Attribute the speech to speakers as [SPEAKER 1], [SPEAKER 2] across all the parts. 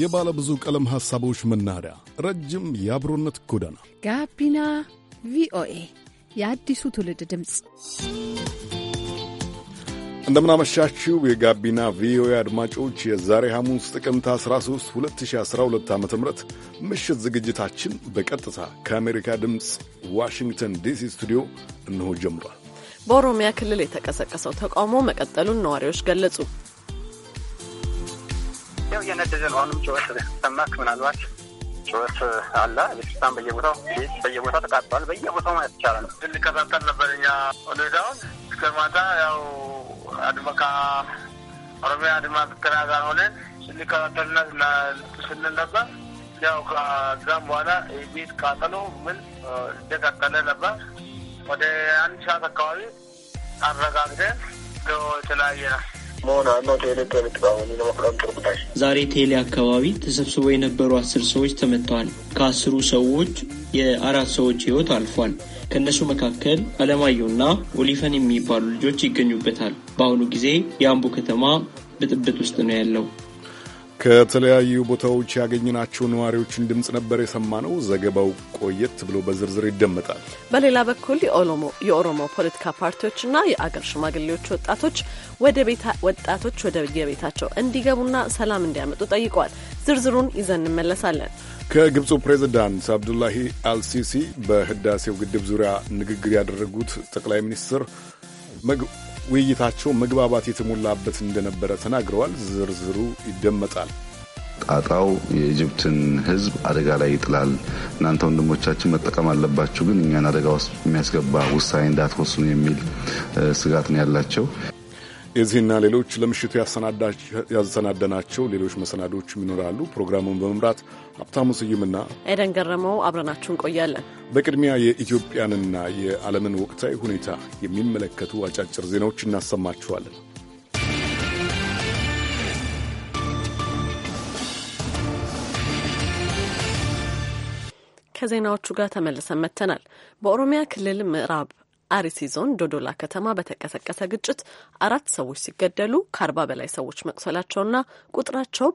[SPEAKER 1] የባለ ብዙ ቀለም ሐሳቦች መናኸሪያ፣ ረጅም የአብሮነት ጎዳና፣
[SPEAKER 2] ጋቢና ቪኦኤ የአዲሱ ትውልድ ድምፅ።
[SPEAKER 1] እንደምናመሻችው የጋቢና ቪኦኤ አድማጮች የዛሬ ሐሙስ ጥቅምት 13 2012 ዓ ም ምሽት ዝግጅታችን በቀጥታ ከአሜሪካ ድምፅ ዋሽንግተን ዲሲ ስቱዲዮ እንሆ ጀምሯል።
[SPEAKER 2] በኦሮሚያ ክልል የተቀሰቀሰው ተቃውሞ መቀጠሉን ነዋሪዎች ገለጹ።
[SPEAKER 3] ያው እየነደደ ነው።
[SPEAKER 4] አሁንም ጩኸት ሰማክ። ምናልባት ጩኸት አለ። ቤተክርስቲያን በየቦታው ቤት በየቦታው
[SPEAKER 5] ተቃጥሏል። በየቦታው ማለት ይቻላል። እንከታተል ነበር እኛ ሁኔታውን እስከ ማታ ያው ኦሮሚያ አድማ ብተና ጋር ሆነን ስንል ነበር። ያው ከዛም በኋላ ቤት ቃጠሎ ምን እንደቀጠለ ነበር። ወደ አንድ ሰዓት አካባቢ አረጋግደን የተለያየ ነው
[SPEAKER 6] ዛሬ ቴሌ አካባቢ ተሰብስበው የነበሩ አስር ሰዎች ተመተዋል። ከአስሩ ሰዎች የአራት ሰዎች ህይወት አልፏል። ከእነሱ መካከል አለማየሁና ኦሊፈን የሚባሉ ልጆች ይገኙበታል። በአሁኑ ጊዜ የአምቦ ከተማ ብጥብጥ ውስጥ ነው ያለው።
[SPEAKER 1] ከተለያዩ ቦታዎች ያገኘናቸው ነዋሪዎችን ድምፅ ነበር የሰማነው። ዘገባው ቆየት ብሎ በዝርዝር ይደመጣል።
[SPEAKER 2] በሌላ በኩል የኦሮሞ ፖለቲካ ፓርቲዎችና የአገር ሽማግሌዎች ወጣቶች ወጣቶች ወደ የቤታቸው እንዲገቡና ሰላም እንዲያመጡ ጠይቀዋል። ዝርዝሩን ይዘን እንመለሳለን።
[SPEAKER 1] ከግብፁ ፕሬዚዳንት አብዱላሂ አልሲሲ በህዳሴው ግድብ ዙሪያ ንግግር ያደረጉት ጠቅላይ ሚኒስትር ውይይታቸው መግባባት የተሞላበት እንደነበረ ተናግረዋል። ዝርዝሩ ይደመጣል።
[SPEAKER 7] ጣጣው የኢጅፕትን ሕዝብ አደጋ ላይ ይጥላል። እናንተ ወንድሞቻችን መጠቀም አለባችሁ፣ ግን እኛን አደጋ ውስጥ የሚያስገባ ውሳኔ እንዳትወስኑ የሚል ስጋት ነው ያላቸው።
[SPEAKER 1] የዚህና ሌሎች ለምሽቱ ያሰናደናቸው ሌሎች መሰናዶችም ይኖራሉ። ፕሮግራሙን በመምራት ሀብታሙ ስዩምና
[SPEAKER 2] ኤደን ገረመው አብረናችሁ እንቆያለን።
[SPEAKER 1] በቅድሚያ የኢትዮጵያንና የዓለምን ወቅታዊ ሁኔታ የሚመለከቱ አጫጭር ዜናዎች እናሰማችኋለን።
[SPEAKER 2] ከዜናዎቹ ጋር ተመልሰን መጥተናል። በኦሮሚያ ክልል ምዕራብ አርሲ ዞን ዶዶላ ከተማ በተቀሰቀሰ ግጭት አራት ሰዎች ሲገደሉ ከአርባ በላይ ሰዎች መቁሰላቸውና ቁጥራቸው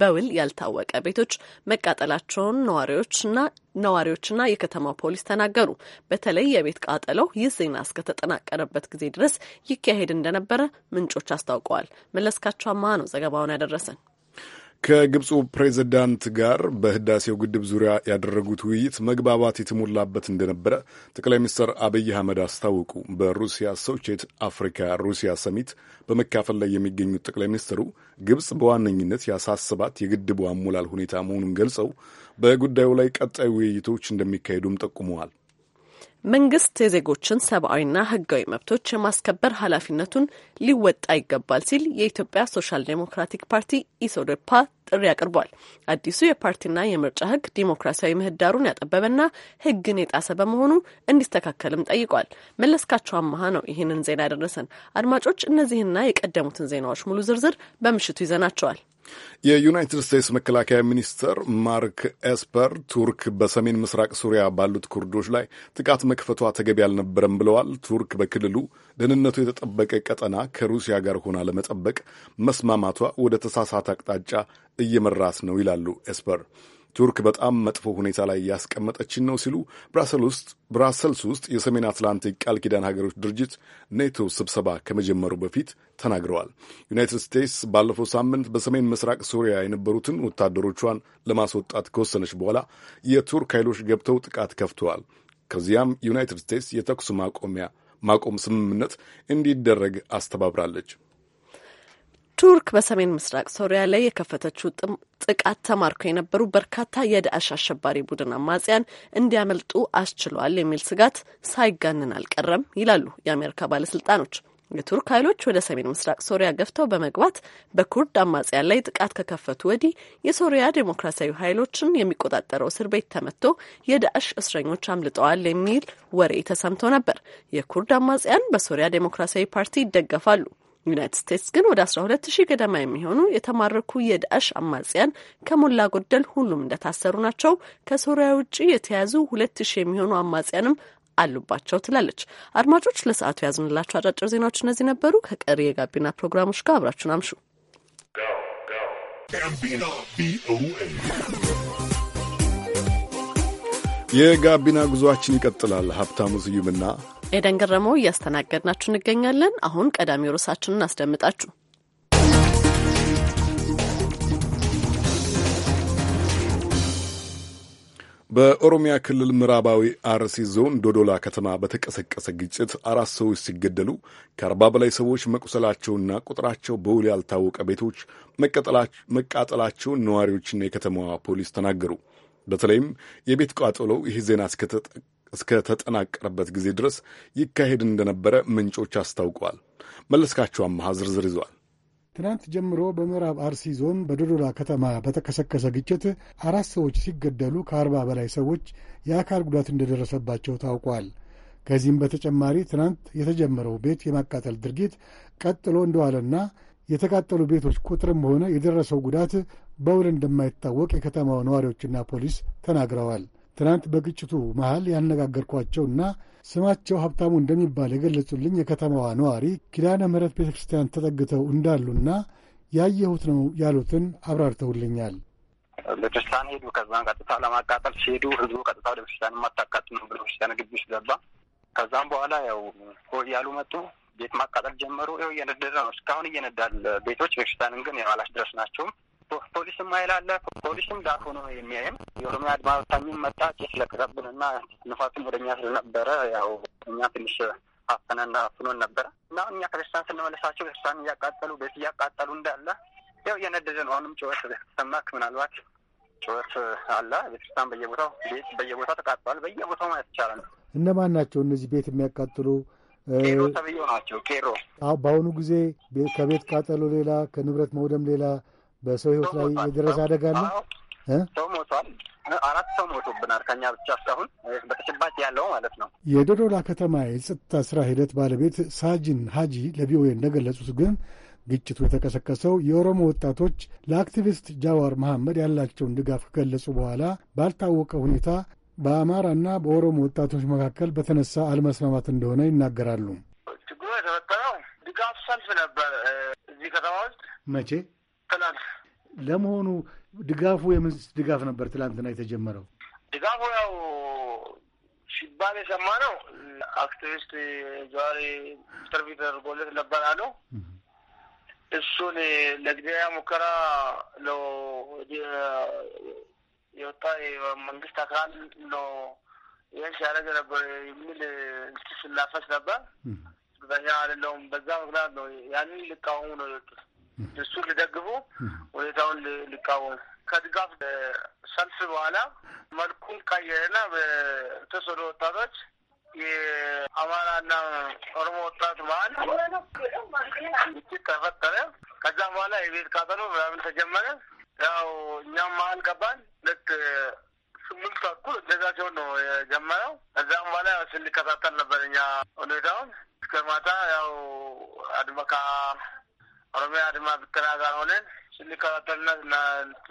[SPEAKER 2] በውል ያልታወቀ ቤቶች መቃጠላቸውን ነዋሪዎችና ነዋሪዎችና የከተማው ፖሊስ ተናገሩ። በተለይ የቤት ቃጠለው ይህ ዜና እስከተጠናቀረበት ጊዜ ድረስ ይካሄድ እንደነበረ ምንጮች አስታውቀዋል። መለስካቸው አማሃ ነው ዘገባውን ያደረሰን።
[SPEAKER 1] ከግብፁ ፕሬዚዳንት ጋር በህዳሴው ግድብ ዙሪያ ያደረጉት ውይይት መግባባት የተሞላበት እንደነበረ ጠቅላይ ሚኒስትር አብይ አህመድ አስታወቁ። በሩሲያ ሶቼት አፍሪካ ሩሲያ ሰሚት በመካፈል ላይ የሚገኙት ጠቅላይ ሚኒስትሩ ግብፅ በዋነኝነት ያሳስባት የግድቡ አሞላል ሁኔታ መሆኑን ገልጸው በጉዳዩ ላይ ቀጣይ ውይይቶች እንደሚካሄዱም ጠቁመዋል።
[SPEAKER 2] መንግስት የዜጎችን ሰብአዊና ህጋዊ መብቶች የማስከበር ኃላፊነቱን ሊወጣ ይገባል ሲል የኢትዮጵያ ሶሻል ዴሞክራቲክ ፓርቲ ኢሶዴፓ ጥሪ አቅርቧል። አዲሱ የፓርቲና የምርጫ ህግ ዲሞክራሲያዊ ምህዳሩን ያጠበበና ህግን የጣሰ በመሆኑ እንዲስተካከልም ጠይቋል። መለስካቸው አመሃ ነው ይህንን ዜና ያደረሰን። አድማጮች እነዚህና የቀደሙትን ዜናዎች ሙሉ ዝርዝር በምሽቱ ይዘናቸዋል።
[SPEAKER 1] የዩናይትድ ስቴትስ መከላከያ ሚኒስትር ማርክ ኤስፐር ቱርክ በሰሜን ምስራቅ ሱሪያ ባሉት ኩርዶች ላይ ጥቃት መክፈቷ ተገቢ አልነበረም ብለዋል። ቱርክ በክልሉ ደህንነቱ የተጠበቀ ቀጠና ከሩሲያ ጋር ሆና ለመጠበቅ መስማማቷ ወደ ተሳሳተ አቅጣጫ እየመራት ነው ይላሉ ኤስፐር። ቱርክ በጣም መጥፎ ሁኔታ ላይ እያስቀመጠችን ነው ሲሉ ብራሰልስ ውስጥ የሰሜን አትላንቲክ ቃል ኪዳን ሀገሮች ድርጅት ኔቶ ስብሰባ ከመጀመሩ በፊት ተናግረዋል። ዩናይትድ ስቴትስ ባለፈው ሳምንት በሰሜን ምስራቅ ሱሪያ የነበሩትን ወታደሮቿን ለማስወጣት ከወሰነች በኋላ የቱርክ ኃይሎች ገብተው ጥቃት ከፍተዋል። ከዚያም ዩናይትድ ስቴትስ የተኩስ ማቆሚያ ማቆም ስምምነት እንዲደረግ አስተባብራለች።
[SPEAKER 2] ቱርክ በሰሜን ምስራቅ ሶሪያ ላይ የከፈተችው ጥቃት ተማርኮ የነበሩ በርካታ የዳዕሽ አሸባሪ ቡድን አማጽያን እንዲያመልጡ አስችሏል የሚል ስጋት ሳይጋንን አልቀረም ይላሉ የአሜሪካ ባለስልጣኖች። የቱርክ ኃይሎች ወደ ሰሜን ምስራቅ ሶሪያ ገፍተው በመግባት በኩርድ አማጽያን ላይ ጥቃት ከከፈቱ ወዲህ የሶሪያ ዴሞክራሲያዊ ኃይሎችን የሚቆጣጠረው እስር ቤት ተመቶ የዳዕሽ እስረኞች አምልጠዋል የሚል ወሬ ተሰምቶ ነበር። የኩርድ አማጽያን በሶሪያ ዴሞክራሲያዊ ፓርቲ ይደገፋሉ። ዩናይት ስቴትስ ግን ወደ 12 ሺህ ገደማ የሚሆኑ የተማረኩ የዳእሽ አማጽያን ከሞላ ጎደል ሁሉም እንደታሰሩ ናቸው። ከሶሪያ ውጭ የተያዙ ሁለት ሺህ የሚሆኑ አማጽያንም አሉባቸው ትላለች። አድማጮች ለሰዓቱ ያዝንላቸው አጫጭር ዜናዎች እነዚህ ነበሩ። ከቀሪ የጋቢና ፕሮግራሞች ጋር አብራችሁን አምሹ።
[SPEAKER 1] የጋቢና ጉዞአችን ይቀጥላል። ሀብታሙ ስዩምና
[SPEAKER 2] ኤደን ገረመው እያስተናገድናችሁ እንገኛለን። አሁን ቀዳሚ ርዕሳችንን እናስደምጣችሁ።
[SPEAKER 1] በኦሮሚያ ክልል ምዕራባዊ አርሲ ዞን ዶዶላ ከተማ በተቀሰቀሰ ግጭት አራት ሰዎች ሲገደሉ ከአርባ በላይ ሰዎች መቁሰላቸውና ቁጥራቸው በውል ያልታወቀ ቤቶች መቃጠላቸውን ነዋሪዎችና የከተማዋ ፖሊስ ተናገሩ። በተለይም የቤት ቃጠሎው ይህ ዜና እስከተጠናቀረበት ጊዜ ድረስ ይካሄድ እንደነበረ ምንጮች አስታውቀዋል። መለስካቸው አመሃ ዝርዝር ይዟል።
[SPEAKER 8] ትናንት ጀምሮ በምዕራብ አርሲ ዞን በዶዶላ ከተማ በተቀሰቀሰ ግጭት አራት ሰዎች ሲገደሉ ከአርባ በላይ ሰዎች የአካል ጉዳት እንደደረሰባቸው ታውቋል። ከዚህም በተጨማሪ ትናንት የተጀመረው ቤት የማቃጠል ድርጊት ቀጥሎ እንደዋለና የተቃጠሉ ቤቶች ቁጥርም ሆነ የደረሰው ጉዳት በውል እንደማይታወቅ የከተማው ነዋሪዎችና ፖሊስ ተናግረዋል። ትናንት በግጭቱ መሃል ያነጋገርኳቸውና ስማቸው ሀብታሙ እንደሚባል የገለጹልኝ የከተማዋ ነዋሪ ኪዳነ ምሕረት ቤተ ክርስቲያን ተጠግተው እንዳሉና ያየሁት ነው ያሉትን አብራርተውልኛል።
[SPEAKER 4] ቤተክርስቲያን ሄዱ። ከዛም ቀጥታ ለማቃጠል ሲሄዱ ህዝቡ ቀጥታ ወደ ቤተክርስቲያን የማታቃጥል ነው ቤተክርስቲያን ግቢ ውስጥ ገባ። ከዛም በኋላ ያው እያሉ መጡ። ቤት ማቃጠል ጀመሩ። ይኸው እየነደደ ነው እስካሁን እየነዳል ቤቶች። ቤተክርስቲያንን ግን ድረስ ናቸውም ፖሊስም ሀይል አለ። ፖሊስም ዳር ነው የሚያየን። የኦሮሚያ አድማ በታኝም መጣ ጭስ ለቅረብን እና ንፋስም ወደኛ
[SPEAKER 5] ስለነበረ ያው እኛ ትንሽ አፈነና አፍኖን ነበረ
[SPEAKER 4] እና እኛ ክርስቲያን ስንመለሳቸው ክርስቲያን እያቃጠሉ ቤት እያቃጠሉ እንዳለ ያው እየነደደ ነው። አሁንም ጩኸት ሰማክ ምናልባት ጩኸት አለ። ቤተክርስቲያን በየቦታው ቤት በየቦታው ተቃጥሏል። በየቦታው ማለት ይቻላል።
[SPEAKER 8] እነማን ናቸው እነዚህ ቤት የሚያቃጥሉ? ቄሮ ተብዬው ናቸው። ቄሮ በአሁኑ ጊዜ ከቤት ቃጠሎ ሌላ ከንብረት መውደም ሌላ በሰው ህይወት ላይ የደረሰ አደጋ አለ? ሰው ሞቷል። አራት ሰው ሞቶብናል
[SPEAKER 4] ከኛ ብቻ እስካሁን በተጨባጭ
[SPEAKER 8] ያለው ማለት ነው። የዶዶላ ከተማ የጸጥታ ስራ ሂደት ባለቤት ሳጅን ሀጂ ለቪኦኤ እንደገለጹት ግን ግጭቱ የተቀሰቀሰው የኦሮሞ ወጣቶች ለአክቲቪስት ጃዋር መሐመድ ያላቸውን ድጋፍ ከገለጹ በኋላ ባልታወቀ ሁኔታ በአማራና በኦሮሞ ወጣቶች መካከል በተነሳ አለመስማማት እንደሆነ ይናገራሉ። ችግሩ የተፈጠረው ድጋፍ ሰልፍ ነበር እዚህ ከተማ ውስጥ መቼ ትላንት። ለመሆኑ ድጋፉ የምን ድጋፍ ነበር? ትላንትና የተጀመረው
[SPEAKER 5] ድጋፉ ያው ሲባል የሰማ ነው። አክቲቪስት ጀዋሪ ኢንተርቪ ተደርጎለት ነበር አሉ። እሱን ለጊዜያ ሙከራ ነው የወጣ መንግስት አካል ነው ይህን ሲያደርግ ነበር የሚል ስላፈስ ነበር። በኛ አይደለውም። በዛ ምክንያት ነው ያንን ልቃወሙ ነው የወጡት። እሱን ልደግፉ፣ ሁኔታውን ልቃወም ከድጋፍ ሰልፍ በኋላ መልኩን ቀየረና በተሰዶ ወጣቶች የአማራና ኦሮሞ ወጣት መሀል ግጭት ተፈጠረ። ከዛም በኋላ የቤት ቃጠሎ ምናምን ተጀመረ። ያው እኛም መሀል ገባን። ልክ ስምንት ተኩል እንደዛ ሲሆን ነው የጀመረው። ከዛም በኋላ ያው ስንከታተል ነበር እኛ ሁኔታውን እስከ ማታ ያው አድመካ ኦሮሚያ አድማ ብተና ጋር ሆነን ስንከታተልነት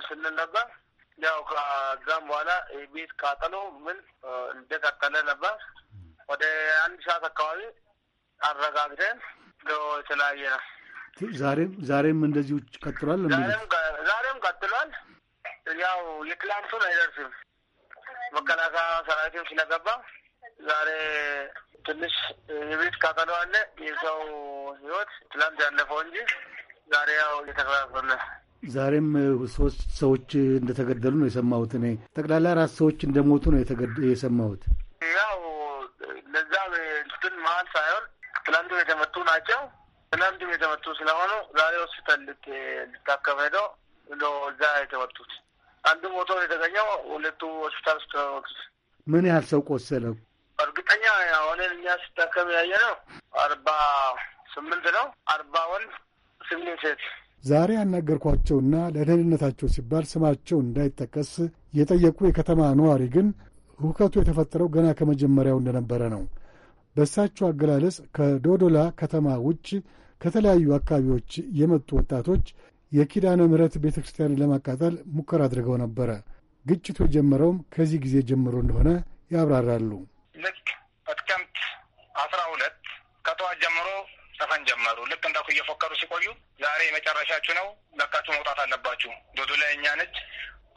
[SPEAKER 5] ስንል ነበር። ያው ከዛም በኋላ ቤት ቃጠሎ ምን እንደቀጠለ ነበር። ወደ አንድ ሰዓት አካባቢ አረጋግተን የተለያየ
[SPEAKER 8] ነው። ዛሬም ዛሬም እንደዚሁ ቀጥሏል። ዛሬም ቀጥሏል። ያው የትላንቱን አይደርስም መከላከያ ሰራዊትም ስለገባ ዛሬ ትንሽ የቤት ቃጠሎ አለ። የሰው ህይወት ትላንት ያለፈው እንጂ ዛሬ ያው እየተከላከለ ዛሬም ሶስት ሰዎች እንደተገደሉ ነው የሰማሁት። እኔ ጠቅላላ አራት ሰዎች እንደሞቱ ነው የሰማሁት።
[SPEAKER 5] ያው ለዛ እንትን መሀል ሳይሆን ትላንትም የተመቱ ናቸው። ትላንትም የተመቱ ስለሆኑ ዛሬ ሆስፒታል ልታከም ሄደው እዛ
[SPEAKER 8] የተመቱት አንዱ ሞቶ የተገኘው ሁለቱ ሆስፒታል ውስጥ። ምን ያህል ሰው ቆሰለ?
[SPEAKER 5] እርግጠኛ አሁንን እኛ ስታከም ያየ ነው አርባ ስምንት ነው አርባ ወንድ
[SPEAKER 8] ስምንት ሴት ዛሬ ያናገርኳቸውና ለደህንነታቸው ሲባል ስማቸው እንዳይጠቀስ የጠየቁ የከተማ ነዋሪ ግን ሁከቱ የተፈጠረው ገና ከመጀመሪያው እንደነበረ ነው። በእሳቸው አገላለጽ ከዶዶላ ከተማ ውጭ ከተለያዩ አካባቢዎች የመጡ ወጣቶች የኪዳነ ምሕረት ቤተ ክርስቲያንን ለማቃጠል ሙከራ አድርገው ነበረ። ግጭቱ የጀመረውም ከዚህ ጊዜ ጀምሮ እንደሆነ ያብራራሉ። ልክ ጥቅምት አስራ ሁለት
[SPEAKER 4] ከጠዋት ጀምሮ ዘፈን ጀመሩ። ልክ እንዳኩ እየፎከሩ ሲቆዩ ዛሬ መጨረሻችሁ ነው፣ ለቃችሁ መውጣት አለባችሁ፣ ዱዱ ላይ እኛ ነች፣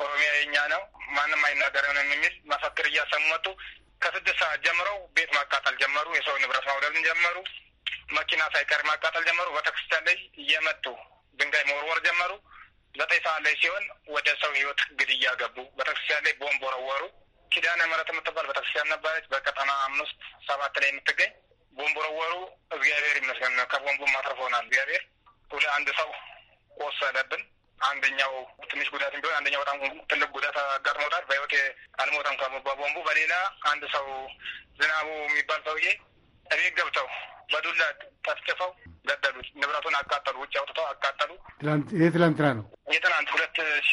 [SPEAKER 4] ኦሮሚያ የኛ ነው፣ ማንም አይናገረንም የሚል መፈክር እያሰሙ መጡ። ከስድስት ሰዓት ጀምረው ቤት ማቃጠል ጀመሩ። የሰው ንብረት ማውደብን ጀመሩ። መኪና ሳይቀር ማቃጠል ጀመሩ። ቤተክርስቲያን ላይ እየመጡ ድንጋይ መወርወር ጀመሩ። ዘጠኝ ሰዓት ላይ ሲሆን ወደ ሰው ህይወት ግድያ ገቡ። ቤተክርስቲያን ላይ ቦምብ ወረወሩ። ኪዳነ ምሕረት የምትባል ቤተክርስቲያን ነበረች በቀጠና አምስት ሰባት ላይ የምትገኝ ቦምብ ወረወሩ። እግዚአብሔር ይመስገን ከቦምቡ ማትረፎናል እግዚአብሔር። ሁለ አንድ ሰው ቆሰለብን። አንደኛው ትንሽ ጉዳት ቢሆን አንደኛው በጣም ትልቅ ጉዳት አጋጥሞታል። በህይወቴ አልሞተም ከቦምቡ። በሌላ አንድ ሰው ዝናቡ የሚባል ሰውዬ እቤት ገብተው በዱላ
[SPEAKER 8] ተፍትፈው ገደሉት። ንብረቱን አቃጠሉ። ውጭ አውጥተው አቃጠሉ። ይህ ትላንትና ነው። የትናንት ሁለት ሺ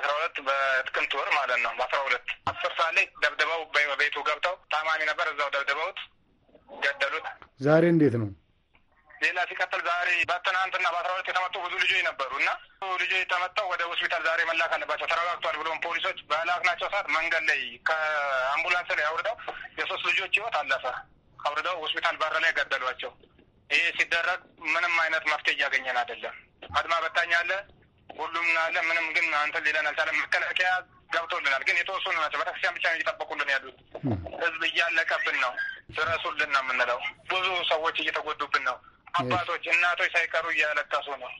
[SPEAKER 8] አስራ ሁለት በጥቅምት ወር ማለት ነው። በአስራ ሁለት አስር ሰዓት ላይ ደብድበው በቤቱ ገብተው ታማሚ ነበር። እዛው ደብድበውት ገደሉት። ዛሬ እንዴት ነው? ሌላ ሲቀጥል ዛሬ በትናንትና በአስራ ሁለት የተመጡ ብዙ
[SPEAKER 4] ልጆች ነበሩ እና ልጆች የተመጠው ወደ ሆስፒታል ዛሬ መላክ አለባቸው ተረጋግቷል ብሎም ፖሊሶች በላክናቸው ሰዓት መንገድ ላይ ከአምቡላንስ ላይ አውርደው የሶስት ልጆች ህይወት አለፈ። አውርደው ሆስፒታል በር ላይ ገደሏቸው። ይህ ሲደረግ ምንም አይነት መፍትሄ እያገኘን አይደለም። አድማ በታኝ አለ፣ ሁሉም አለ። ምንም ግን አንተ ሌለን አልቻለም። መከላከያ ገብቶልናል፣ ግን የተወሰኑ ናቸው። ቤተክርስቲያን ብቻ ነው እየጠበቁልን ያሉት። ህዝብ
[SPEAKER 8] እያለቀብን ነው። ድረሱልን ነው የምንለው። ብዙ ሰዎች እየተጎዱብን ነው። አባቶች
[SPEAKER 4] እናቶች ሳይቀሩ እያለቀሱ ነው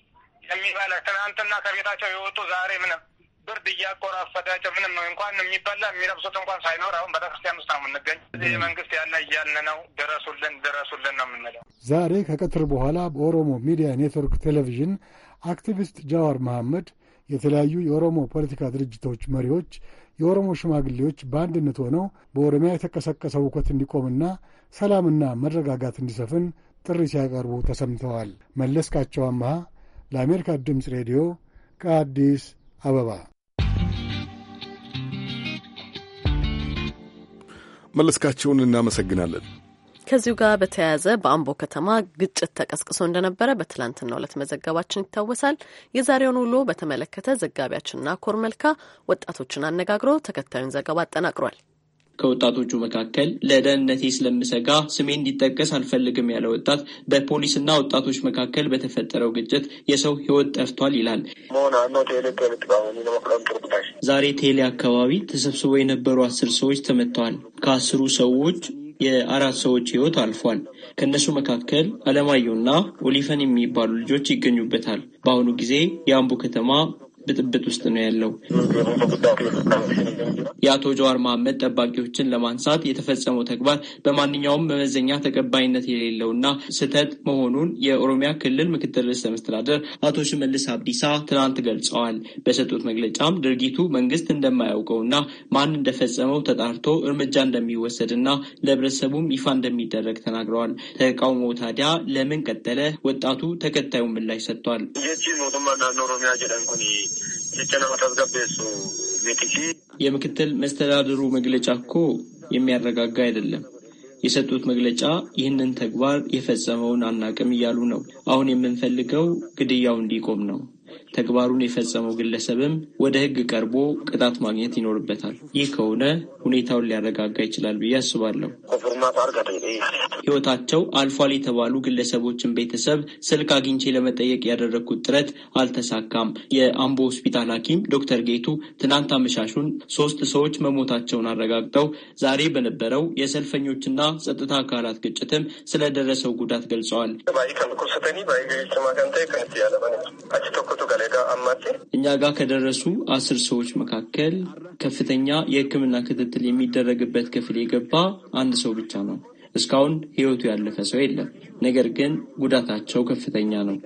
[SPEAKER 4] የሚባለ ትናንትና ከቤታቸው የወጡ ዛሬ ምንም ብርድ እያቆራፈዳቸው ምንም እንኳን የሚበላ
[SPEAKER 8] የሚለብሱት እንኳን ሳይኖር አሁን ቤተክርስቲያን ውስጥ ነው የምንገኝ። እዚህ መንግስት ያለ እያልን ነው ድረሱልን፣ ድረሱልን ነው የምንለው። ዛሬ ከቀትር በኋላ በኦሮሞ ሚዲያ ኔትወርክ ቴሌቪዥን አክቲቪስት ጃዋር መሐመድ የተለያዩ የኦሮሞ ፖለቲካ ድርጅቶች መሪዎች፣ የኦሮሞ ሽማግሌዎች በአንድነት ሆነው በኦሮሚያ የተቀሰቀሰው እውከት እንዲቆምና ሰላምና መረጋጋት እንዲሰፍን ጥሪ ሲያቀርቡ ተሰምተዋል። መለስካቸው አምሃ ለአሜሪካ ድምፅ ሬዲዮ ከአዲስ አበባ
[SPEAKER 1] መለስካቸውን እናመሰግናለን።
[SPEAKER 2] ከዚሁ ጋር በተያያዘ በአምቦ ከተማ ግጭት ተቀስቅሶ እንደነበረ በትላንትናው ዕለት መዘገባችን ይታወሳል። የዛሬውን ውሎ በተመለከተ ዘጋቢያችንና ኮር መልካ ወጣቶችን አነጋግሮ ተከታዩን ዘገባ አጠናቅሯል።
[SPEAKER 6] ከወጣቶቹ መካከል ለደህንነቴ ስለምሰጋ ስሜ እንዲጠቀስ አልፈልግም ያለ ወጣት በፖሊስና ወጣቶች መካከል በተፈጠረው ግጭት የሰው ህይወት ጠፍቷል ይላል። ዛሬ ቴሌ አካባቢ ተሰብስበው የነበሩ አስር ሰዎች ተመተዋል። ከአስሩ ሰዎች የአራት ሰዎች ህይወት አልፏል። ከእነሱ መካከል አለማየሁና ኦሊፈን የሚባሉ ልጆች ይገኙበታል። በአሁኑ ጊዜ የአምቦ ከተማ ብጥብጥ ውስጥ ነው ያለው። የአቶ ጀዋር መሐመድ ጠባቂዎችን ለማንሳት የተፈጸመው ተግባር በማንኛውም መመዘኛ ተቀባይነት የሌለው እና ስህተት መሆኑን የኦሮሚያ ክልል ምክትል ርዕሰ መስተዳደር አቶ ሽመልስ አብዲሳ ትናንት ገልጸዋል። በሰጡት መግለጫም ድርጊቱ መንግስት እና ማን እንደፈጸመው ተጣርቶ እርምጃ እንደሚወሰድ እና ለህብረተሰቡም ይፋ እንደሚደረግ ተናግረዋል። ተቃውሞ ታዲያ ለምን ቀጠለ? ወጣቱ ተከታዩ ምላሽ ሰጥቷል። የምክትል መስተዳድሩ መግለጫ እኮ የሚያረጋጋ አይደለም። የሰጡት መግለጫ ይህንን ተግባር የፈጸመውን አናቅም እያሉ ነው። አሁን የምንፈልገው ግድያው እንዲቆም ነው። ተግባሩን የፈጸመው ግለሰብም ወደ ሕግ ቀርቦ ቅጣት ማግኘት ይኖርበታል። ይህ ከሆነ ሁኔታውን ሊያረጋጋ ይችላል ብዬ አስባለሁ። ሕይወታቸው አልፏል የተባሉ ግለሰቦችን ቤተሰብ ስልክ አግኝቼ ለመጠየቅ ያደረግኩት ጥረት አልተሳካም። የአምቦ ሆስፒታል ሐኪም ዶክተር ጌቱ ትናንት አመሻሹን ሶስት ሰዎች መሞታቸውን አረጋግጠው ዛሬ በነበረው የሰልፈኞችና ጸጥታ አካላት ግጭትም ስለደረሰው ጉዳት ገልጸዋል። እኛ ጋር ከደረሱ አስር ሰዎች መካከል ከፍተኛ የሕክምና ክትትል የሚደረግበት ክፍል የገባ አንድ ሰው ብቻ ነው። እስካሁን ሕይወቱ ያለፈ ሰው የለም። ነገር ግን ጉዳታቸው ከፍተኛ ነው።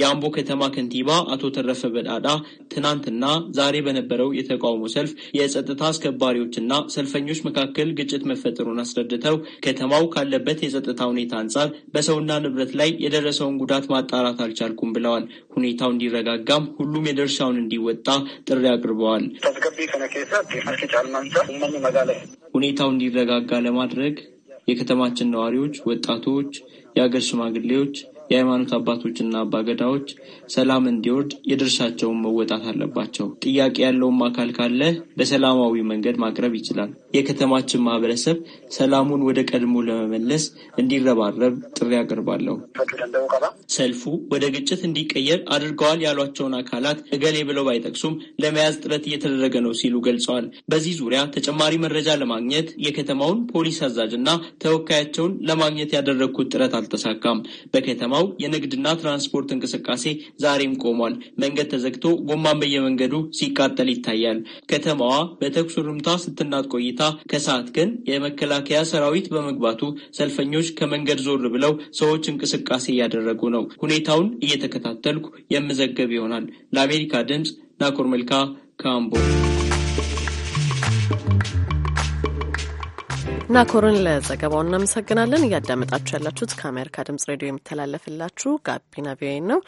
[SPEAKER 6] የአምቦ ከተማ ከንቲባ አቶ ተረፈ በዳዳ ትናንትና ዛሬ በነበረው የተቃውሞ ሰልፍ የጸጥታ አስከባሪዎችና ሰልፈኞች መካከል ግጭት መፈጠሩን አስረድተው ከተማው ካለበት የጸጥታ ሁኔታ አንጻር በሰውና ንብረት ላይ የደረሰውን ጉዳት ማጣራት አልቻልኩም ብለዋል። ሁኔታው እንዲረጋጋም ሁሉም የድርሻውን እንዲወጣ ጥሪ አቅርበዋል። ሁኔታው እንዲረጋጋ ለማድረግ የከተማችን ነዋሪዎች፣ ወጣቶች የአገር ሽማግሌዎች፣ የሃይማኖት አባቶችና አባገዳዎች ሰላም እንዲወርድ የድርሻቸውን መወጣት አለባቸው። ጥያቄ ያለውም አካል ካለ በሰላማዊ መንገድ ማቅረብ ይችላል። የከተማችን ማህበረሰብ ሰላሙን ወደ ቀድሞ ለመመለስ እንዲረባረብ ጥሪ አቀርባለሁ። ሰልፉ ወደ ግጭት እንዲቀየር አድርገዋል ያሏቸውን አካላት እገሌ ብለው ባይጠቅሱም ለመያዝ ጥረት እየተደረገ ነው ሲሉ ገልጸዋል። በዚህ ዙሪያ ተጨማሪ መረጃ ለማግኘት የከተማውን ፖሊስ አዛዥ እና ተወካያቸውን ለማግኘት ያደረግኩት ጥረት አልተሳካም። በከተማው የንግድና ትራንስፖርት እንቅስቃሴ ዛሬም ቆሟል። መንገድ ተዘግቶ ጎማን በየመንገዱ ሲቃጠል ይታያል። ከተማዋ በተኩስ ርምታ ስትናጥ ቆይታ ቦታ ከሰዓት ግን የመከላከያ ሰራዊት በመግባቱ ሰልፈኞች ከመንገድ ዞር ብለው ሰዎች እንቅስቃሴ እያደረጉ ነው። ሁኔታውን እየተከታተልኩ የምዘገብ ይሆናል። ለአሜሪካ ድምፅ ናኮር መልካ ካምቦ
[SPEAKER 2] ናኮርን ለዘገባው እናመሰግናለን። እያዳመጣችሁ ያላችሁት ከአሜሪካ ድምጽ ሬዲዮ የሚተላለፍላችሁ ጋቢና ቪኦኤ ነው።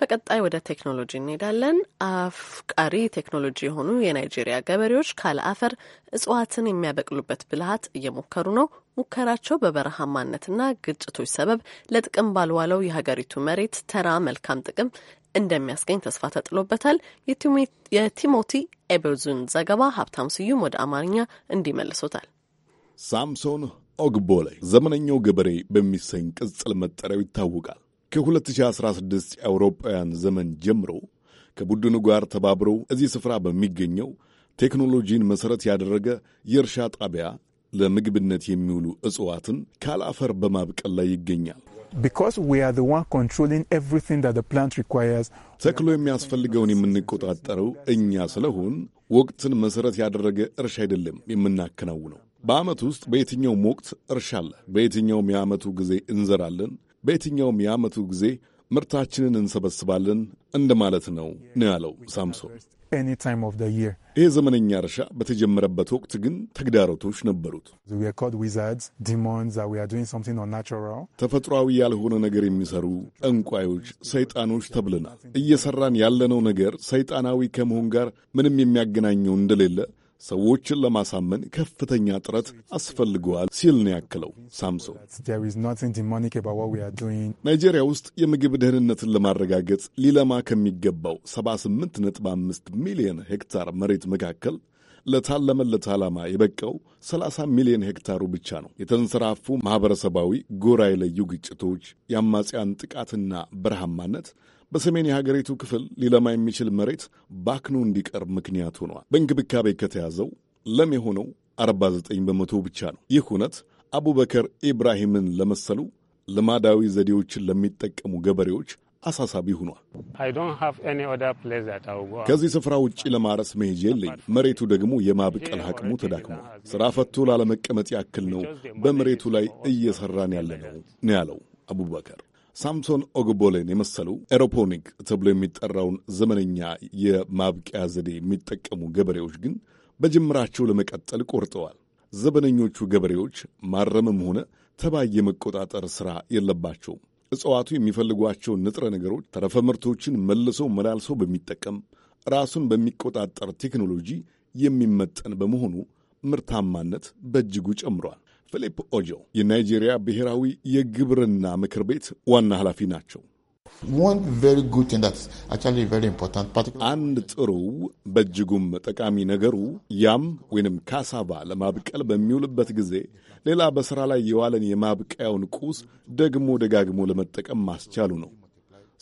[SPEAKER 2] በቀጣይ ወደ ቴክኖሎጂ እንሄዳለን። አፍቃሪ ቴክኖሎጂ የሆኑ የናይጄሪያ ገበሬዎች ካለ አፈር እጽዋትን የሚያበቅሉበት ብልሃት እየሞከሩ ነው። ሙከራቸው በበረሃማነትና ግጭቶች ሰበብ ለጥቅም ባልዋለው የሀገሪቱ መሬት ተራ መልካም ጥቅም እንደሚያስገኝ ተስፋ ተጥሎበታል። የቲሞቲ ኤቤዙን ዘገባ ሀብታሙ ስዩም ወደ አማርኛ እንዲመልሶታል።
[SPEAKER 1] ሳምሶን ኦግቦሌ ዘመነኛው ገበሬ በሚሰኝ ቅጽል መጠሪያው ይታወቃል። ከ2016 የአውሮፓውያን ዘመን ጀምሮ ከቡድኑ ጋር ተባብሮ እዚህ ስፍራ በሚገኘው ቴክኖሎጂን መሠረት ያደረገ የእርሻ ጣቢያ ለምግብነት የሚውሉ እጽዋትን ካለአፈር በማብቀል ላይ ይገኛል። ተክሎ የሚያስፈልገውን የምንቆጣጠረው እኛ ስለሆን ወቅትን መሠረት ያደረገ እርሻ አይደለም የምናከናውነው። በዓመት ውስጥ በየትኛውም ወቅት እርሻ አለ። በየትኛውም የዓመቱ ጊዜ እንዘራለን። በየትኛውም የዓመቱ ጊዜ ምርታችንን እንሰበስባለን እንደማለት ነው ነው ያለው ሳምሶን። ይህ ዘመነኛ እርሻ በተጀመረበት ወቅት ግን ተግዳሮቶች ነበሩት። ተፈጥሯዊ ያልሆነ ነገር የሚሰሩ ጠንቋዮች፣ ሰይጣኖች ተብለናል። እየሰራን ያለነው ነገር ሰይጣናዊ ከመሆን ጋር ምንም የሚያገናኘው እንደሌለ ሰዎችን ለማሳመን ከፍተኛ ጥረት አስፈልገዋል ሲል ነው ያክለው ሳምሶን። ናይጄሪያ ውስጥ የምግብ ደህንነትን ለማረጋገጥ ሊለማ ከሚገባው 78.5 ሚሊዮን ሄክታር መሬት መካከል ለታለመለት ዓላማ የበቃው 30 ሚሊዮን ሄክታሩ ብቻ ነው። የተንሰራፉ ማኅበረሰባዊ ጎራ የለዩ ግጭቶች፣ የአማጽያን ጥቃትና በረሃማነት በሰሜን የሀገሪቱ ክፍል ሊለማ የሚችል መሬት ባክኖ እንዲቀርብ ምክንያት ሆኗል። በእንክብካቤ ከተያዘው ለም የሆነው 49 በመቶ ብቻ ነው። ይህ ሁነት አቡበከር ኢብራሂምን ለመሰሉ ልማዳዊ ዘዴዎችን ለሚጠቀሙ ገበሬዎች አሳሳቢ ሆኗል። ከዚህ ስፍራ ውጭ ለማረስ መሄጃ የለኝ። መሬቱ ደግሞ የማብቀል አቅሙ ተዳክሟል። ሥራ ፈቶ ላለመቀመጥ ያክል ነው በመሬቱ ላይ እየሠራን ያለ ነው ነው ያለው አቡበከር ሳምሶን ኦግቦሌን የመሰሉ ኤሮፖኒክ ተብሎ የሚጠራውን ዘመነኛ የማብቂያ ዘዴ የሚጠቀሙ ገበሬዎች ግን በጅምራቸው ለመቀጠል ቆርጠዋል። ዘመነኞቹ ገበሬዎች ማረምም ሆነ ተባይ የመቆጣጠር ሥራ የለባቸውም። እጽዋቱ የሚፈልጓቸውን ንጥረ ነገሮች፣ ተረፈ ምርቶችን መልሰው መላልሰው በሚጠቀም ራሱን በሚቆጣጠር ቴክኖሎጂ የሚመጠን በመሆኑ ምርታማነት በእጅጉ ጨምሯል። ፊሊፕ ኦጆ የናይጄሪያ ብሔራዊ የግብርና ምክር ቤት ዋና ኃላፊ ናቸው። አንድ ጥሩ በእጅጉም ጠቃሚ ነገሩ ያም ወይንም ካሳቫ ለማብቀል በሚውልበት ጊዜ ሌላ በሥራ ላይ የዋለን የማብቀያውን ቁስ ደግሞ ደጋግሞ ለመጠቀም ማስቻሉ ነው።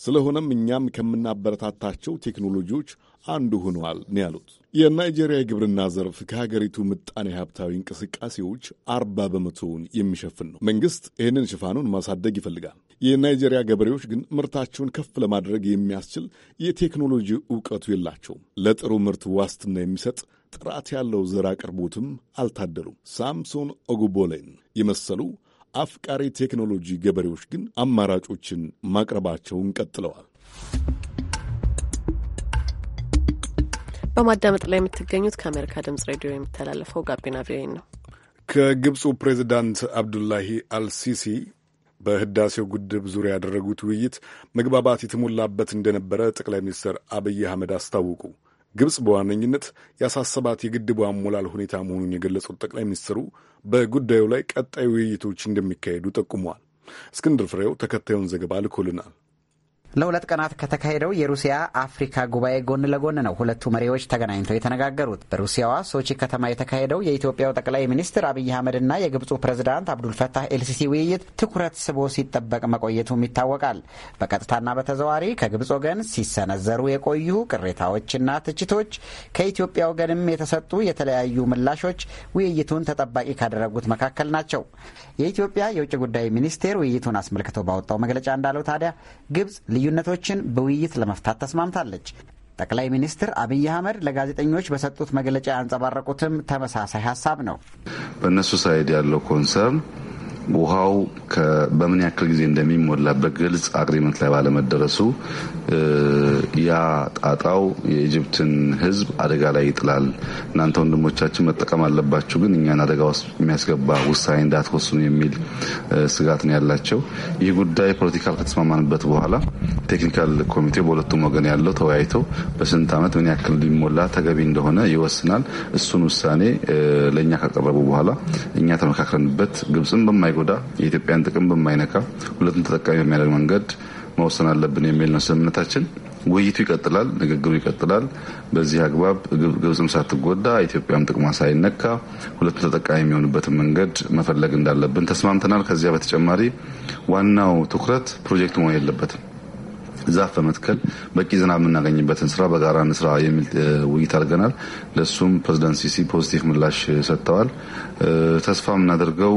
[SPEAKER 1] ስለሆነም እኛም ከምናበረታታቸው ቴክኖሎጂዎች አንዱ ሆነዋል ነው ያሉት። የናይጄሪያ የግብርና ዘርፍ ከሀገሪቱ ምጣኔ ሀብታዊ እንቅስቃሴዎች አርባ በመቶውን የሚሸፍን ነው። መንግስት ይህንን ሽፋኑን ማሳደግ ይፈልጋል። የናይጄሪያ ገበሬዎች ግን ምርታቸውን ከፍ ለማድረግ የሚያስችል የቴክኖሎጂ እውቀቱ የላቸውም። ለጥሩ ምርት ዋስትና የሚሰጥ ጥራት ያለው ዘር አቅርቦትም አልታደሉም። ሳምሶን ኦጉቦሌን የመሰሉ አፍቃሪ ቴክኖሎጂ ገበሬዎች ግን አማራጮችን ማቅረባቸውን ቀጥለዋል።
[SPEAKER 2] በማዳመጥ ላይ የምትገኙት ከአሜሪካ ድምጽ ሬዲዮ የሚተላለፈው ጋቢና ቪኦኤ
[SPEAKER 1] ነው። ከግብፁ ፕሬዚዳንት አብዱላሂ አልሲሲ በህዳሴው ግድብ ዙሪያ ያደረጉት ውይይት መግባባት የተሞላበት እንደነበረ ጠቅላይ ሚኒስትር አብይ አህመድ አስታወቁ። ግብጽ በዋነኝነት ያሳሰባት የግድቡ አሞላል ሁኔታ መሆኑን የገለጹት ጠቅላይ ሚኒስትሩ በጉዳዩ ላይ ቀጣይ ውይይቶች እንደሚካሄዱ ጠቁመዋል። እስክንድር ፍሬው ተከታዩን ዘገባ ልኮልናል።
[SPEAKER 3] ለሁለት ቀናት ከተካሄደው የሩሲያ አፍሪካ ጉባኤ ጎን ለጎን ነው ሁለቱ መሪዎች ተገናኝተው የተነጋገሩት። በሩሲያዋ ሶቺ ከተማ የተካሄደው የኢትዮጵያው ጠቅላይ ሚኒስትር አብይ አህመድና የግብፁ ፕሬዝዳንት አብዱልፈታህ ኤልሲሲ ውይይት ትኩረት ስቦ ሲጠበቅ መቆየቱም ይታወቃል። በቀጥታና በተዘዋሪ ከግብፅ ወገን ሲሰነዘሩ የቆዩ ቅሬታዎችና ትችቶች፣ ከኢትዮጵያ ወገንም የተሰጡ የተለያዩ ምላሾች ውይይቱን ተጠባቂ ካደረጉት መካከል ናቸው። የኢትዮጵያ የውጭ ጉዳይ ሚኒስቴር ውይይቱን አስመልክቶ ባወጣው መግለጫ እንዳለው ታዲያ ግብጽ ልዩነቶችን በውይይት ለመፍታት ተስማምታለች። ጠቅላይ ሚኒስትር አብይ አህመድ ለጋዜጠኞች በሰጡት መግለጫ ያንጸባረቁትም ተመሳሳይ ሀሳብ ነው።
[SPEAKER 7] በእነሱ ሳይድ ያለው ኮንሰርን ውሃው በምን ያክል ጊዜ እንደሚሞላ በግልጽ አግሪመንት ላይ ባለመደረሱ ያ ጣጣው የኢጅፕትን ሕዝብ አደጋ ላይ ይጥላል። እናንተ ወንድሞቻችን መጠቀም አለባችሁ፣ ግን እኛን አደጋ ውስጥ የሚያስገባ ውሳኔ እንዳትወስኑ የሚል ስጋት ነው ያላቸው። ይህ ጉዳይ ፖለቲካል ከተስማማንበት በኋላ ቴክኒካል ኮሚቴ በሁለቱም ወገን ያለው ተወያይተው በስንት ዓመት ምን ያክል ሊሞላ ተገቢ እንደሆነ ይወስናል። እሱን ውሳኔ ለእኛ ካቀረቡ በኋላ እኛ ተመካክረንበት ግብፅን በማይ በማይጎዳ የኢትዮጵያን ጥቅም በማይነካ ሁለቱን ተጠቃሚ በሚያደርግ መንገድ መወሰን አለብን የሚል ነው ስምምነታችን። ውይይቱ ይቀጥላል፣ ንግግሩ ይቀጥላል። በዚህ አግባብ ግብጽም ሳትጎዳ ኢትዮጵያም ጥቅሟ ሳይነካ ሁለቱ ተጠቃሚ የሚሆንበትን መንገድ መፈለግ እንዳለብን ተስማምተናል። ከዚያ በተጨማሪ ዋናው ትኩረት ፕሮጀክት መሆን የለበትም ዛፍ በመትከል በቂ ዝናብ የምናገኝበትን ስራ በጋራ እንስራ የሚል ውይይት አድርገናል። ለሱም ፕሬዚዳንት ሲሲ ፖዚቲቭ ምላሽ ሰጥተዋል። ተስፋ የምናደርገው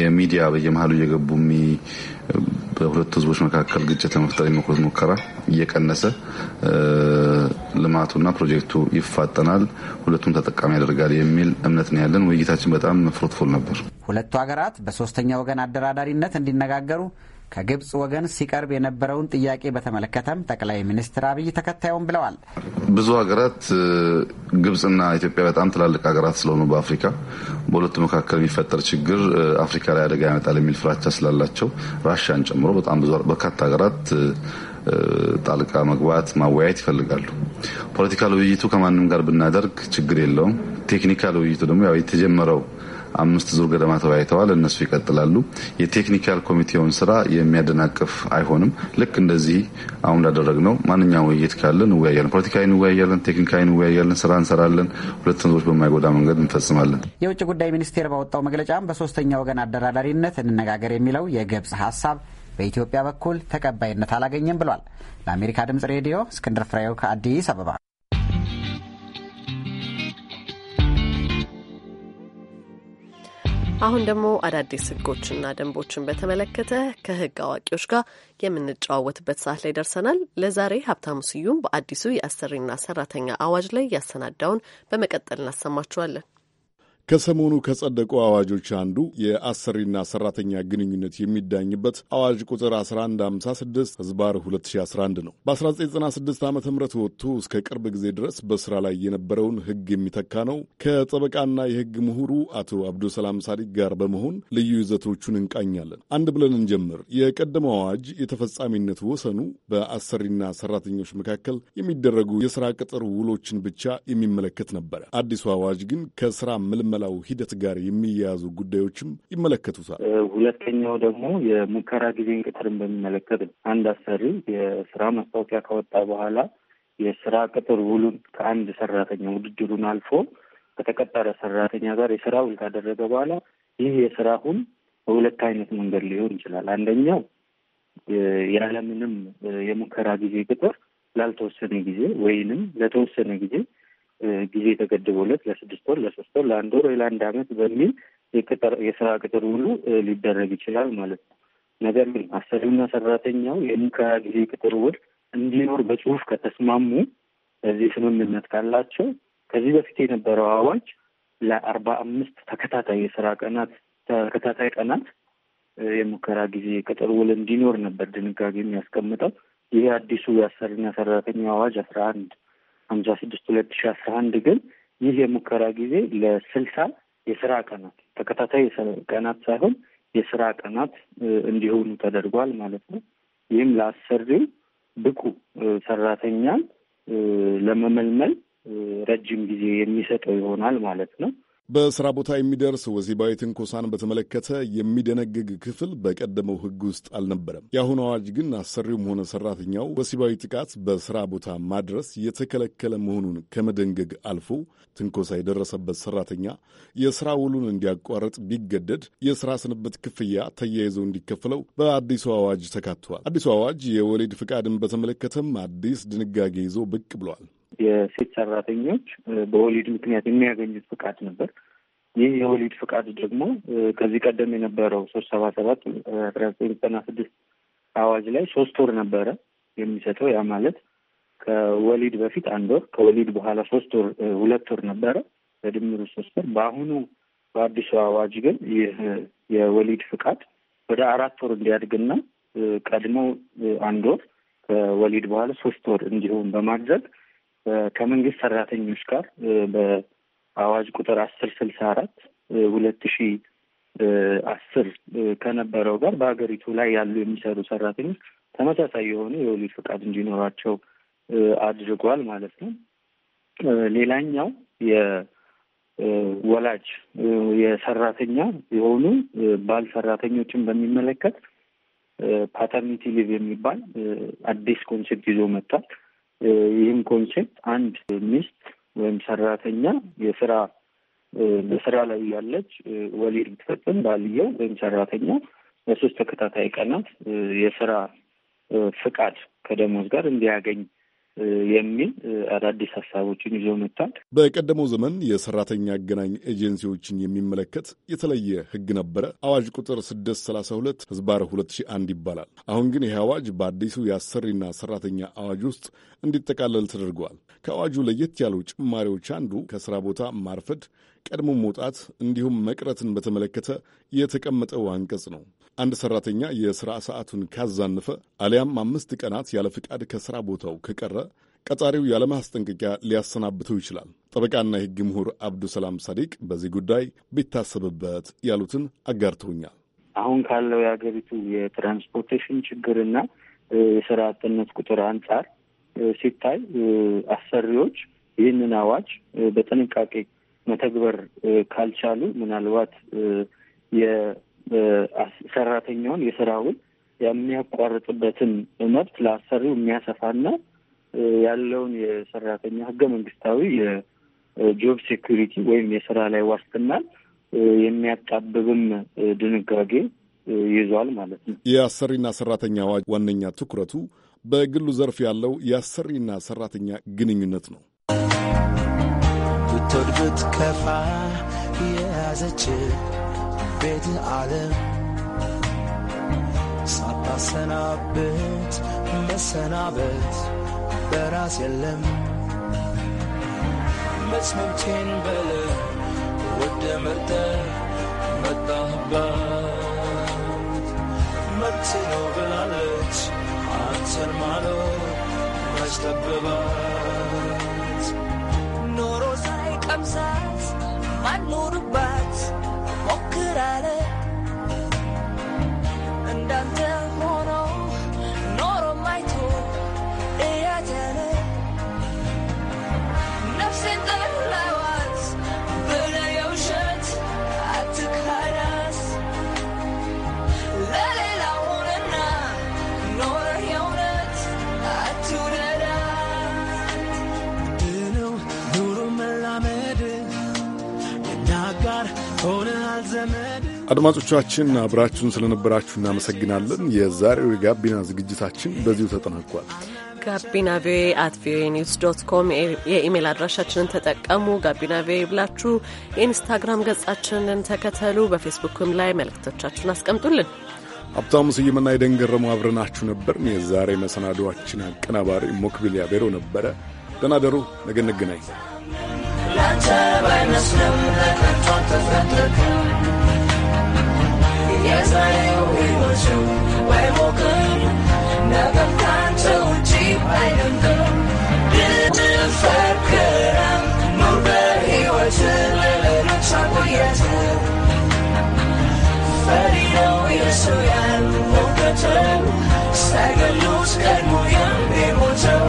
[SPEAKER 7] የሚዲያ በየመሀሉ እየገቡ በሁለቱ ህዝቦች መካከል ግጭት ለመፍጠር የሚሞክሩት ሙከራ እየቀነሰ ልማቱና ፕሮጀክቱ ይፋጠናል፣ ሁለቱም ተጠቃሚ ያደርጋል የሚል እምነት ነው ያለን። ውይይታችን በጣም ፍሩትፉል ነበር።
[SPEAKER 3] ሁለቱ ሀገራት በሶስተኛ ወገን አደራዳሪነት እንዲነጋገሩ ከግብፅ ወገን ሲቀርብ የነበረውን ጥያቄ በተመለከተም ጠቅላይ ሚኒስትር አብይ ተከታዩም ብለዋል።
[SPEAKER 7] ብዙ ሀገራት ግብፅና ኢትዮጵያ በጣም ትላልቅ ሀገራት ስለሆኑ በአፍሪካ በሁለቱ መካከል የሚፈጠር ችግር አፍሪካ ላይ አደጋ ያመጣል የሚል ፍራቻ ስላላቸው ራሽያን ጨምሮ በጣም ብዙ በርካታ ሀገራት ጣልቃ መግባት ማወያየት ይፈልጋሉ። ፖለቲካል ውይይቱ ከማንም ጋር ብናደርግ ችግር የለውም። ቴክኒካል ውይይቱ ደግሞ ያው የተጀመረው አምስት ዙር ገደማ ተወያይተዋል። እነሱ ይቀጥላሉ። የቴክኒካል ኮሚቴውን ስራ የሚያደናቅፍ አይሆንም። ልክ እንደዚህ አሁን እንዳደረግ ነው። ማንኛውም ውይይት ካለ እንወያያለን። ፖለቲካዊ እንወያያለን፣ ቴክኒካዊ እንወያያለን፣ ስራ እንሰራለን። ሁለቱን ዙሮች በማይጎዳ መንገድ እንፈጽማለን።
[SPEAKER 3] የውጭ ጉዳይ ሚኒስቴር ባወጣው መግለጫም በሶስተኛ ወገን አደራዳሪነት እንነጋገር የሚለው የግብጽ ሀሳብ በኢትዮጵያ በኩል ተቀባይነት አላገኘም ብሏል። ለአሜሪካ ድምጽ ሬዲዮ እስክንድር ፍሬው ከአዲስ አበባ
[SPEAKER 2] አሁን ደግሞ አዳዲስ ህጎችና ደንቦችን በተመለከተ ከህግ አዋቂዎች ጋር የምንጨዋወትበት ሰዓት ላይ ደርሰናል። ለዛሬ ሀብታሙ ስዩም በአዲሱ የአሰሪና ሰራተኛ አዋጅ ላይ ያሰናዳውን በመቀጠል እናሰማችኋለን።
[SPEAKER 1] ከሰሞኑ ከጸደቁ አዋጆች አንዱ የአሰሪና ሰራተኛ ግንኙነት የሚዳኝበት አዋጅ ቁጥር 1156 ህዝባር 2011 ነው። በ1996 ዓ ም ወጥቶ እስከ ቅርብ ጊዜ ድረስ በስራ ላይ የነበረውን ህግ የሚተካ ነው። ከጠበቃና የህግ ምሁሩ አቶ አብዱሰላም ሳዲቅ ጋር በመሆን ልዩ ይዘቶቹን እንቃኛለን። አንድ ብለን እንጀምር። የቀደመው አዋጅ የተፈጻሚነት ወሰኑ በአሰሪና ሰራተኞች መካከል የሚደረጉ የስራ ቅጥር ውሎችን ብቻ የሚመለከት ነበረ። አዲሱ አዋጅ ግን ከስራ ምልመ ከምርመላው ሂደት ጋር የሚያያዙ ጉዳዮችም ይመለከቱታል።
[SPEAKER 9] ሁለተኛው ደግሞ የሙከራ ጊዜን ቅጥርን በሚመለከት ነው። አንድ አሰሪ የስራ ማስታወቂያ ከወጣ በኋላ የስራ ቅጥር ውሉን ከአንድ ሰራተኛ ውድድሩን አልፎ ከተቀጠረ ሰራተኛ ጋር የስራ ውል ካደረገ በኋላ ይህ የስራ ሁን በሁለት አይነት መንገድ ሊሆን ይችላል። አንደኛው ያለምንም የሙከራ ጊዜ ቅጥር ላልተወሰነ ጊዜ ወይንም ለተወሰነ ጊዜ ጊዜ ተገድቦለት ለስድስት ወር፣ ለሶስት ወር፣ ለአንድ ወር ወይ ለአንድ አመት በሚል የስራ ቅጥር ውሉ ሊደረግ ይችላል ማለት ነው። ነገር ግን አሰሪውና ሰራተኛው የሙከራ ጊዜ ቅጥር ውል እንዲኖር በጽሁፍ ከተስማሙ በዚህ ስምምነት ካላቸው ከዚህ በፊት የነበረው አዋጅ ለአርባ አምስት ተከታታይ የስራ ቀናት ተከታታይ ቀናት የሙከራ ጊዜ ቅጥር ውል እንዲኖር ነበር ድንጋጌ የሚያስቀምጠው። ይህ አዲሱ የአሰሪና ሰራተኛ አዋጅ አስራ አንድ ሀምሳ ስድስት ሁለት ሺ አስራ አንድ ግን ይህ የሙከራ ጊዜ ለስልሳ የስራ ቀናት ተከታታይ ቀናት ሳይሆን የስራ ቀናት እንዲሆኑ ተደርጓል ማለት ነው። ይህም ለአሰሪው ብቁ ሰራተኛን
[SPEAKER 1] ለመመልመል ረጅም ጊዜ የሚሰጠው ይሆናል ማለት ነው። በስራ ቦታ የሚደርስ ወሲባዊ ትንኮሳን በተመለከተ የሚደነግግ ክፍል በቀደመው ሕግ ውስጥ አልነበረም። የአሁኑ አዋጅ ግን አሰሪውም ሆነ ሰራተኛው ወሲባዊ ጥቃት በስራ ቦታ ማድረስ የተከለከለ መሆኑን ከመደንገግ አልፎ ትንኮሳ የደረሰበት ሰራተኛ የስራ ውሉን እንዲያቋርጥ ቢገደድ የስራ ስንብት ክፍያ ተያይዘው እንዲከፍለው በአዲሱ አዋጅ ተካትቷል። አዲሱ አዋጅ የወሊድ ፍቃድን በተመለከተም አዲስ ድንጋጌ ይዞ ብቅ ብሏል።
[SPEAKER 9] የሴት ሰራተኞች በወሊድ ምክንያት የሚያገኙት ፍቃድ ነበር። ይህ የወሊድ ፍቃድ ደግሞ ከዚህ ቀደም የነበረው ሶስት ሰባ ሰባት አስራ ዘጠኝ ዘጠና ስድስት አዋጅ ላይ ሶስት ወር ነበረ የሚሰጠው። ያ ማለት ከወሊድ በፊት አንድ ወር፣ ከወሊድ በኋላ ሶስት ወር ሁለት ወር ነበረ በድምሩ ሶስት ወር። በአሁኑ በአዲሱ አዋጅ ግን ይህ የወሊድ ፍቃድ ወደ አራት ወር እንዲያድግና ቀድሞ አንድ ወር ከወሊድ በኋላ ሶስት ወር እንዲሆን በማድረግ ከመንግስት ሰራተኞች ጋር በአዋጅ ቁጥር አስር ስልሳ አራት ሁለት ሺ አስር ከነበረው ጋር በሀገሪቱ ላይ ያሉ የሚሰሩ ሰራተኞች ተመሳሳይ የሆነ የወሊድ ፈቃድ እንዲኖራቸው አድርጓል ማለት ነው። ሌላኛው የወላጅ የሰራተኛ የሆኑ ባል ሰራተኞችን በሚመለከት ፓተርኒቲ ሊቭ የሚባል አዲስ ኮንሴፕት ይዞ መጥቷል። ይህም ኮንሴፕት አንድ ሚስት ወይም ሰራተኛ የስራ በስራ ላይ ያለች ወሊድ ብትፈጽም ባልየው ወይም ሰራተኛ በሶስት ተከታታይ ቀናት
[SPEAKER 1] የስራ ፍቃድ ከደሞዝ ጋር እንዲያገኝ የሚል አዳዲስ ሀሳቦችን ይዞ መጥቷል። በቀደመው ዘመን የሰራተኛ አገናኝ ኤጀንሲዎችን የሚመለከት የተለየ ህግ ነበረ። አዋጅ ቁጥር 632 ህዝባር 2001 ይባላል። አሁን ግን ይህ አዋጅ በአዲሱ የአሰሪና ሰራተኛ አዋጅ ውስጥ እንዲጠቃለል ተደርጓል። ከአዋጁ ለየት ያሉ ጭማሪዎች አንዱ ከስራ ቦታ ማርፈድ፣ ቀድሞ መውጣት እንዲሁም መቅረትን በተመለከተ የተቀመጠው አንቀጽ ነው። አንድ ሰራተኛ የሥራ ሰዓቱን ካዛነፈ አሊያም አምስት ቀናት ያለ ፍቃድ ከሥራ ቦታው ከቀረ ቀጣሪው ያለማስጠንቀቂያ ሊያሰናብተው ይችላል። ጠበቃና የሕግ ምሁር አብዱ ሰላም ሳዲቅ በዚህ ጉዳይ ቢታሰብበት ያሉትን አጋርተውኛል።
[SPEAKER 9] አሁን ካለው የሀገሪቱ የትራንስፖርቴሽን ችግርና የስራ አጥነት ቁጥር አንጻር ሲታይ አሰሪዎች ይህንን አዋጅ በጥንቃቄ መተግበር ካልቻሉ ምናልባት ስራውን የሚያቋርጥበትን መብት ለአሰሪው የሚያሰፋና ያለውን የሰራተኛ ህገ መንግስታዊ የጆብ ሴኩሪቲ ወይም የስራ ላይ ዋስትናን የሚያጣብብም ድንጋጌ ይዟል ማለት ነው።
[SPEAKER 1] የአሰሪና ሰራተኛ አዋጅ ዋነኛ ትኩረቱ በግሉ ዘርፍ ያለው የአሰሪና ሰራተኛ ግንኙነት ነው። ብትወድ ብትከፋ የያዘች
[SPEAKER 9] ቤት አለም
[SPEAKER 6] ማሰናበት መሰናበት በራስ የለም
[SPEAKER 5] መስመምቴን በለ ወደ መርጠ መጣህባት መርት ነው ብላለች አንተን ማለት ማሽተበባት ኖሮ ሳይቀምሳት ማኖ
[SPEAKER 1] አድማጮቻችን አብራችሁን ስለነበራችሁ እናመሰግናለን። የዛሬው የጋቢና ዝግጅታችን በዚሁ ተጠናቋል።
[SPEAKER 2] ጋቢና ቪኦኤ አት ቪኤ ኒውስ ዶት ኮም የኢሜይል አድራሻችንን ተጠቀሙ። ጋቢና ቪ ብላችሁ የኢንስታግራም ገጻችንን ተከተሉ። በፌስቡክም ላይ መልእክቶቻችሁን አስቀምጡልን።
[SPEAKER 1] ሀብታሙ ስይምና የደንገረሙ አብረናችሁ ነበርን። የዛሬ መሰናዶዋችን አቀናባሪ ሞክቢል ያቤሮ ነበረ። ደህና ደሩ። ነገ እንገናኝ። nhà ra yêu khi ngồi chung quay vô cơn
[SPEAKER 5] đã cảm thán cho ai đừng cơm biết chưa phép cơ đăng mong về yêu ở trên lời lời nó cho phải đâu yêu sâu yàn mong cơ chân sẽ gần lúc cái mùi ấm đi một châu